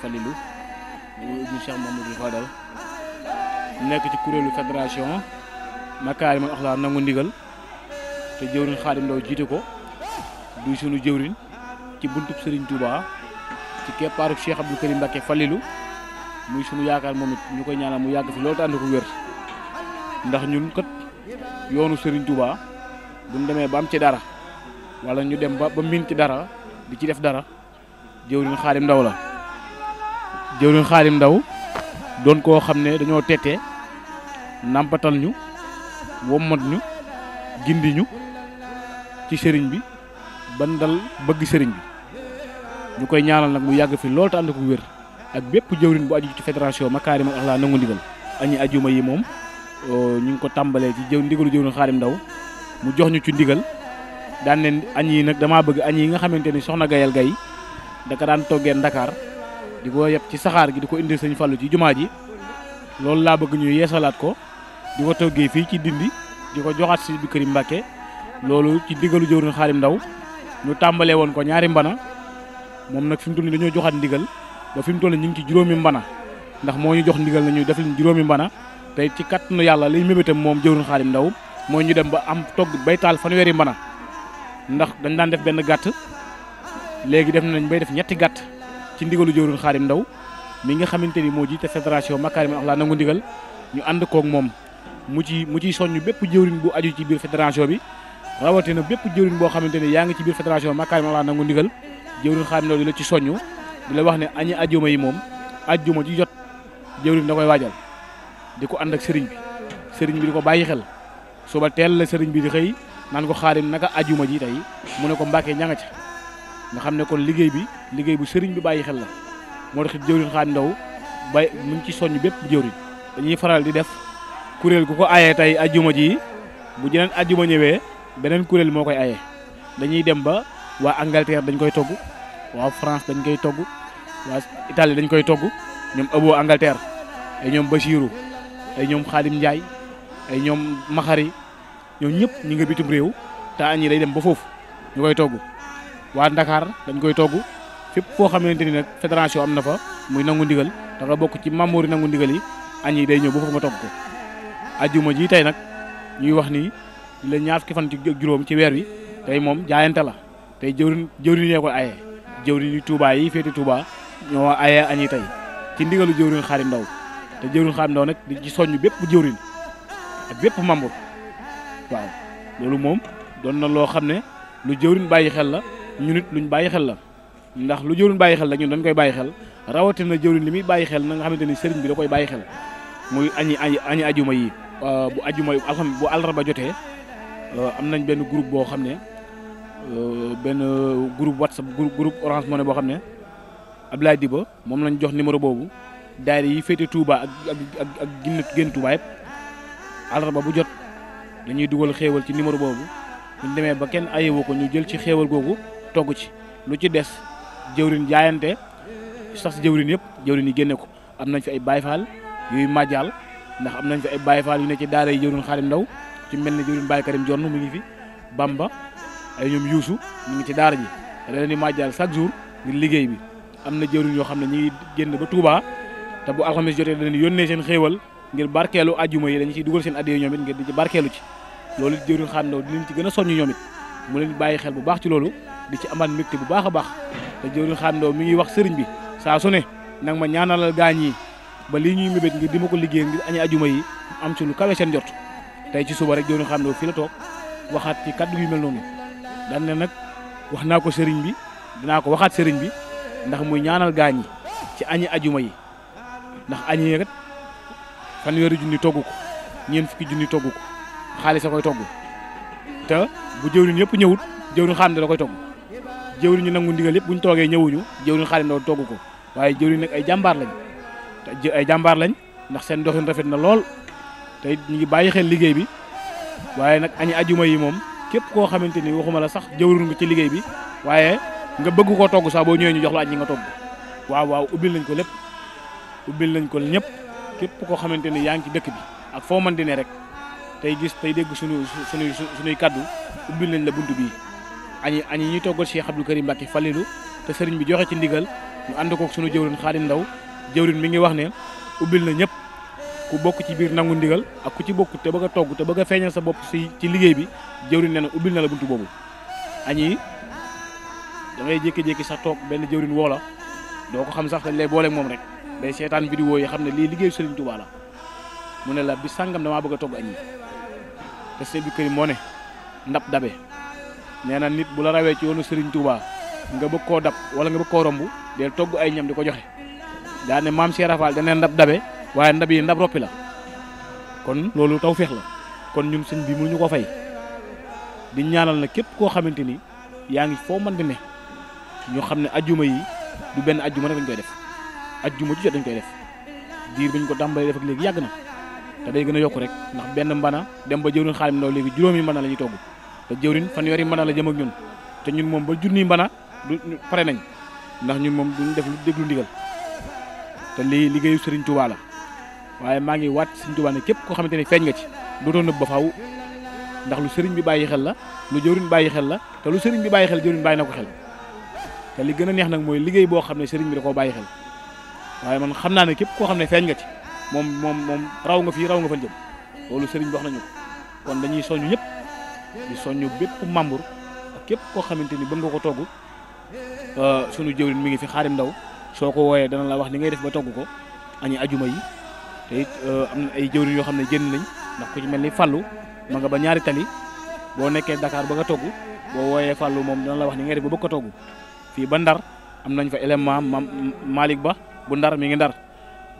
Falilou bu Cheikh Mamadou Fadal nekk ci kuréelu fédération Makarimal Akhlaq nangu ndigal te jëwriñ Xaadim Ndaw jiite ko du sunu jëwriñ ci buntub sëriñ Touba ci keppaarub Cheikh Abdou Karim Mbacké falilu muy sunu yaakaar moom ñu koy ñaana mu yàgg fi loolu te ko wér ndax ñun kat yoonu Serigne Touba buñ demee ba am ci dara wala ñu dem ba ba miin ci dara di ci def dara jëwriñ Xaadim Ndaw la jëwriñ xaalim ndaw doon koo xam ne dañoo tettee nampatal ñu wommat ñu gindi ñu ci sëriñ bi ban bëgg sëriñ bi ñu koy ñaanal nag mu yàgg fi lool te ànd ko wér ak bépp jëwriñ bu aju ci fédération Makarimal Akhlaq nangu ndigal añi ajuma yi moom ñu ngi ko tàmbalee ci jëw ndigalu jëwriñ xaalim ndaw mu jox ñu ci ndigal daan ne añ yi nag damaa bëgg añi nga xamante ni soxna gayal gay daka daan toggee Ndakaar di ko yeb ci saxaar gi di ko indi sëñ Fallou ci jumaa ji loolu laa bëgg ñu yeesalaat ko di ko toggee fii ci dindi di ko joxaat si bi kër yi loolu ci diggalu jëwriñ Xaadim Ndaw ñu tàmbalee woon ko ñaari mbana moom nag fi mu toll nii dañoo joxaat ndigal ba fi mu toll ñu ngi ci juróomi mbana ndax moo ñu jox ndigal nañu def liñ juróomi mbana te ci kattanu yàlla liñ mébétam moom jëwriñ Xaadim Ndaw moo ñu dem ba am togg baytaal fanweeri mbana ndax dañ daan def benn gàtt léegi def nañ bay def ñetti gàtt ci ndigalu jëwriñ Xaadim Ndaw mi nga xamante ni moo jiite fédération Makarimal Axlaaq nangu ndigal ñu ànd kook moom mu ci mu ciy soññ bépp jëwriñ bu aju ci biir fédération bi rawatina bépp jëwriñ boo xamante ni yaa ngi ci biir fédération Makarimal Axlaaq nangu ndigal jëwriñ Xaadim Ndaw di la ci soññ di la wax ne añi ajjuma yi moom ajjuma ji jot jëwriñ da koy waajal di ko ànd sëriñ bi sëriñ bi di ko bàyyi xel suba teel le sëriñ bi di xëy naan ko Xaadim naka ajjuma ji tey mu ne ko Mbàkke ña nga ca nga xam ne kon liggéey bi liggéey bu sëriñ bi bàyyi xel la moo tax it jëwriñ xaaj ndaw bay mu ngi ci soññ bépp jëwriñ dañuy faral di def kuréel gu ko ayee tey ajjuma ji bu jeneen ajjuma ñëwee beneen kuréel moo koy ayee dañuy dem ba waa Angleterre dañ koy togg waa France dañ koy togg waa Italie dañ koy togg ñoom ëboo Angleterre ay ñoom Bachirou ay ñoom Xaadim Ndiaye ay ñoom Maxari ñoom ñëpp ñu ngi bitim réew te añ yi day dem ba foofu ñu koy togg waa Dakar dañ koy togg fépp foo xamante ni nag fédération am na fa muy nangu ndigal da nga bokk ci membre yi nangu ndigal yi añ day ñëw ba foofu nga togg ko ajjuma ji tey nag ñuy wax ni la ñaar fukki fan ci juróom ci weer wi tey moom jaayante la tay jëwriñ jëwriñ yee ko aye jëwriñ yi tuubaa yi féete Touba ñoo aye añi tey ci ndigalu jëwriñ Xaadim Ndaw te jëwriñ Xaadim Ndaw nag di ci soññ bépp jëwriñ ak bépp membre waaw loolu moom doon na loo xam ne lu jëwriñ bàyyi xel la ñu nit luñ bàyyi xel la ndax lu jëwriñ bàyyi xel la ñun dañ koy bàyyi xel rawatina jëwriñ li muy bàyyi xel na nga xamante ni sëriñ bi da koy bàyyi xel muy añi añi ajuma yi euh, bu ajuma yi alxam bu àllarba jotee euh, am nañ benn groupe boo xam ne euh, benn groupe whatsapp groupe orange boo xam ne ab Abdoulaye Diba moom lañ jox numéro boobu daayira yi féete Touba ak ak ak génn génn Touba yëpp bu jot dañuy dugal xéewal ci numéro boobu ñu demee ba kenn ayewu ko ñu jël ci xéewal googu togg ci lu ci des jëwrin jaayante sax si jëwrin yëpp jëwrin yi génne ko am nañ fi ay Baay Faal yuy màjjaal ndax am nañ fi ay Baay Faal yu ne ci daara yi jëwrin Xaadim Ndaw ci mel ni jëwrin Baay Karim Jonn mu ngi fi Bamba ay ñoom yuusu ñu ngi ci daara ji da leen di màjjaal chaque jour ngir liggéey bi am na jëwrin yoo xam ne ñuy ngi génn ba Touba te bu alxames jotee da leen di yónnee seen xéewal ngir barkeelu ajjuma yi dañu ciy dugal seen addiya ñoom it ngir di ci barkeelu ci loolu it jëwrin Xaadim ci gën a soññ ñoom it mu leen bàyyi xel bu baax ci loolu di ci amal mbégte bu baax a baax te jëwriñ xaandoo mi ngi wax sëriñ bi saa ne nag ma ñaanalal gaañ yi ba lii ñuy mébét ngir di ma ko liggéey ngir añi ajuma yi am ci lu kawe jot tey ci suba rek jëwriñ xaandoo fii la toog waxaat ci kaddu yu mel noonu daan nag wax naa ko sëriñ bi dinaa ko waxaat sëriñ bi ndax muy ñaanal gaañ yi ci añi ajuma yi ndax añi kat fanweeri junni togg ko fukki junni togg ko xaalis a koy togg te bu jëwriñ yëpp ñëwut jëwriñ xaandoo jëwriñ ñu nangu ndigal yëpp bu ñu toogee ñëwuñu jëwriñ Xaadim Ndaw togg ko waaye jëwriñ nag ay jàmbaar lañ ay jàmbaar lañ ndax seen doxin rafet na lool te ñu ngi bàyyi xel liggéey bi waaye nag añi ajuma yi moom képp koo xamante ni waxuma la sax jëwriñ ci liggéey bi waaye nga bëgg koo togg sax boo ñëwee ñu jox la añ yi nga togg waaw waaw ubbil nañ ko lépp ubbil nañ ko ñëpp képp koo xamante ni yaa ngi ci dëkk bi ak foo mën di rek tey gis tey dégg suñu suñuy suñuy kaddu ubbil nañ la bunt bii añi añi ñuy toggal Cheikh Abdou Karim Mbacké Falilou te sëriñ bi joxe ci ndigal ñu ànd kook sunu jëwrin Xaadim Ndaw jëwrin mi ngi wax ne ubbil na ñëpp ku bokk ci biir nangu ndigal ak ku ci bokk te bëgg a togg te bëgg feeñal sa bopp si ci liggéey bi jëwrin nee na na la buntu boobu añi da ngay jékki-jékki toog benn jëwrin woo la doo ko xam sax dañ lay boole moom rek day seetaan di yi xam ne lii liggéey Sëriñ Tuubaa la mu ne la bi sàngam damaa bëgg a togg añi moo ne ndab dabe nee na nit bu la rawee ci yoonu Serigne Touba nga bëgg koo dab wala nga bëgg koo romb del togg ay ñam di ko joxe daa ne maam Cheikh Rafal dana ndab dabe waaye ndab yi ndab roppi la kon loolu taw feex la kon ñum ñun sëñ bi ñu ko fay di ñaanal na képp koo xamante ni yaa ngi foo mën di ne ñu xam ne ajjuma yi du benn ajjuma rek dañ koy def ajjuma ju jot dañ koy def diir bi ko tàmbalee def léegi yàgg na te day gën a yokk rek ndax benn mbana dem ba jëwriñ xaalim ndaw léegi juróomi mbana la ñuy togg te jëwriñ fanweeri mbana la jëm ak ñun te ñun moom ba junniy mbana du pare nañ ndax ñun moom duñ def lu déglu ndigal te lii liggéeyu sëriñ Touba la waaye maa ngi waat Serigne Touba ne képp koo xamante ne feeñ nga ci dootoo nëbb ba faaw ndax lu sëriñ bi bàyyi xel la lu jëwriñ bàyyi xel la te lu Serigne bi bàyyi xel jëwriñ bàyyi na ko xel te li gën a neex nag mooy liggéey boo xam ne sëriñ bi da koo bàyyi xel waaye man xam naa ne képp koo xam ne feeñ nga ci moom moom moom raw nga fii raw nga fan jëm loolu Serigne bi nañu kon dañuy soñu ñëpp di soññu bépp membre ak képp koo xamante ni bëgg nga ko togg sunu jëwriñ mi ngi fi xaarim ndaw soo ko wooyee dana la wax ni ngay def ba togg ko añi ajuma yi te euh, ay jëwriñ yoo xam ne génn nañ ndax ku mel ni fàllu ma nga ba ñaari tali boo nekkee Dakar ba nga togg boo wooyee fàllu moom dana la wax ni ngay def ba ko togg fii ba ndar am nañ fa élément ma Malick Ba bu ndar mi ngi ndar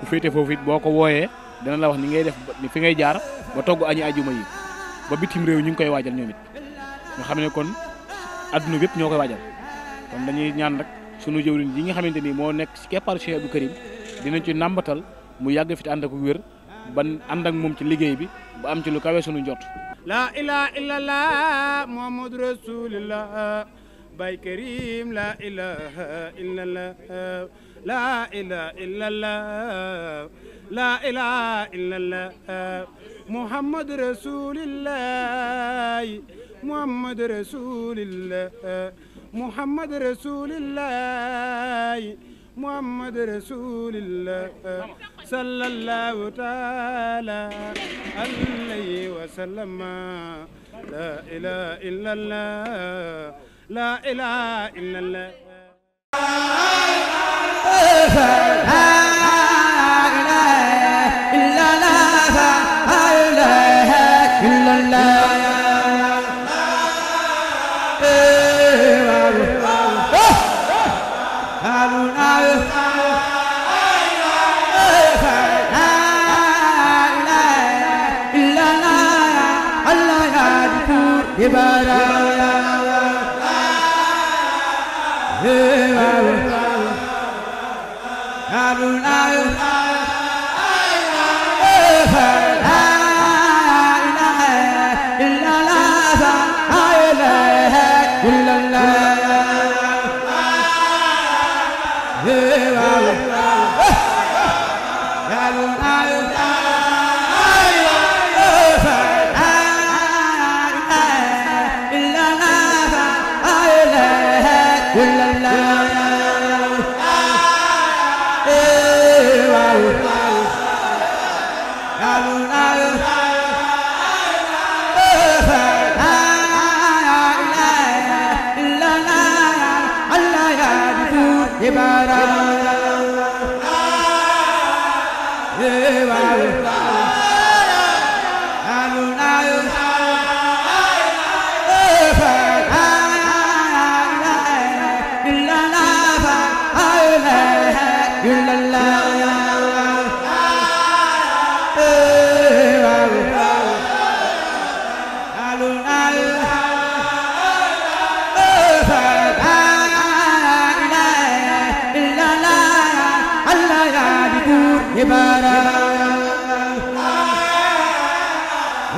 ku féete foofu it boo ko wooyee dana la wax ni ngay def ni fi ngay jaar ba togg añi ajuma yi ba bitim réew ñu ngi koy waajal ñoom it nga xam ne kon adduna bépp ñoo koy waajal kon dañuy ñaan rek sunu jëwriñ yi nga xamante ni moo nekk ci keppaaru Cheikh Abdou Karim dinañ ci nàmbatal mu yàgg fi te ànd ak wér ban ànd moom ci liggéey bi ba am ci lu kawe sunu njort la ilaha illallah muhammadu rasulullah لا إله إلا الله محمد رسول الله محمد رسول الله محمد رسول الله محمد رسول الله صلى الله تعالى عليه وسلم لا إله إلا الله لا إله إلا الله Haruna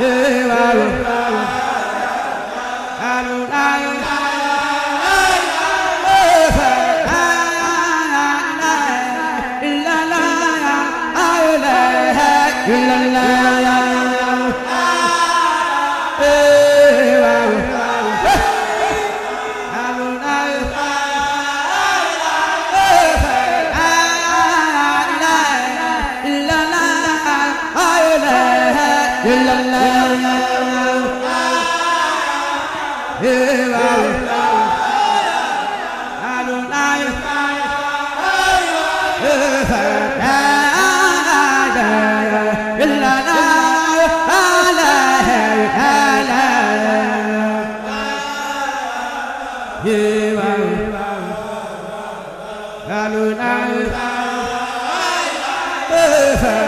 waaw Hey, hey.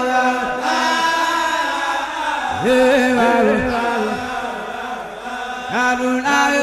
Harun